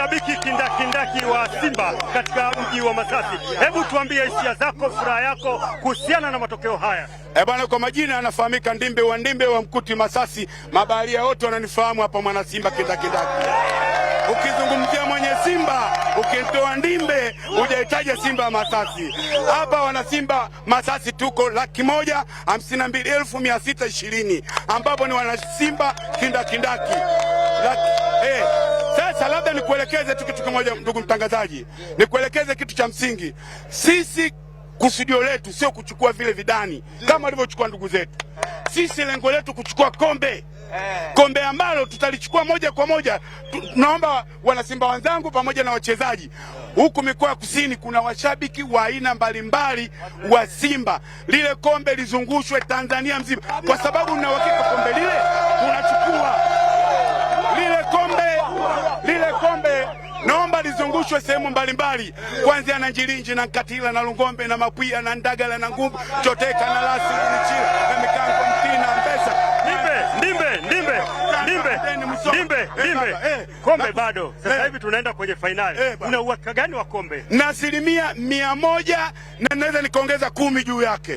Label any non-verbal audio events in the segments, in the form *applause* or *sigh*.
shabiki kindakindaki wa Simba katika mji wa Masasi, hebu tuambie hisia zako, furaha yako kuhusiana na matokeo haya. Eh bwana, kwa majina anafahamika Ndimbe wa Ndimbe wa Mkuti Masasi, mabaharia wote wananifahamu hapa mwana Simba kindakindaki. Ukizungumzia mwenye Simba ukitoa Ndimbe hujahitaja Simba Masasi. Hapa wana Simba Masasi tuko laki moja hamsini na mbili elfu mia sita ishirini ambapo ni wana Simba kindakindaki laki, eh. Sasa labda nikuelekeze tu kitu kimoja, ndugu mtangazaji, nikuelekeze kitu cha msingi. Sisi kusudio letu sio kuchukua vile vidani kama walivyochukua ndugu zetu. Sisi lengo letu kuchukua kombe, kombe ambalo tutalichukua moja kwa moja. Tunaomba wanasimba wenzangu pamoja na wachezaji huku mikoa ya kusini, kuna washabiki wa aina mbalimbali wa Simba. Lile kombe lizungushwe Tanzania mzima, kwa sababu mna uhakika kombe lile zizungushwe sehemu mbalimbali, kuanzia na Njilinji na Nkatila na Lungombe na Mapwia na Ndagala na Ngumbu, Choteka na Lasi na Mikango, Mtina, Mbesa, Ndimbe, Ndimbe, Ndimbe, Ndimbe. Kombe bado sasa eh. hivi tunaenda kwenye fainali, eh, una uhakika gani wa kombe? Na asilimia mia moja na naweza nikaongeza kumi juu yake,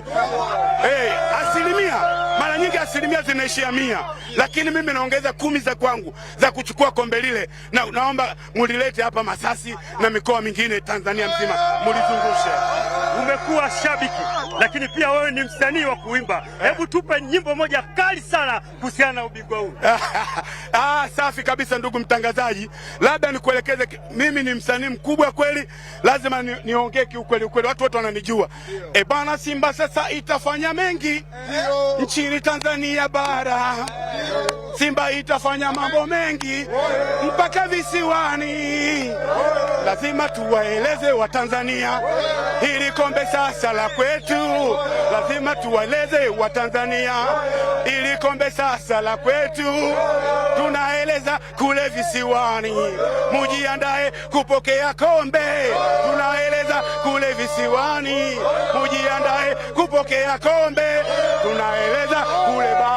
eh, asilimia mara nyingi asilimia zinaishia mia, lakini mimi naongeza kumi za kwangu za kuchukua kombe lile, na naomba mulilete hapa Masasi na mikoa mingine Tanzania mzima mulizungushe. Umekuwa shabiki lakini pia wewe ni msanii wa kuimba, hebu tupe nyimbo moja kali sana kuhusiana na ubingwa huu. *laughs* Ah, safi kabisa ndugu mtangazaji, labda nikuelekeze, mimi ni msanii mkubwa kweli, lazima niongee ni kiukweli ukweli, watu wote wananijua. E bana, Simba sasa itafanya mengi Dio nchini Tanzania bara. Simba itafanya mambo mengi mpaka visiwani, lazima tuwaeleze Watanzania hili kombe sasa la kwetu, lazima tuwaeleze Watanzania hili kombe sasa la kwetu. Tunaeleza kule visiwani, mujiandae kupokea kombe. Tunaeleza kule visiwani, mujiandae kupokea kombe. Tunaeleza kule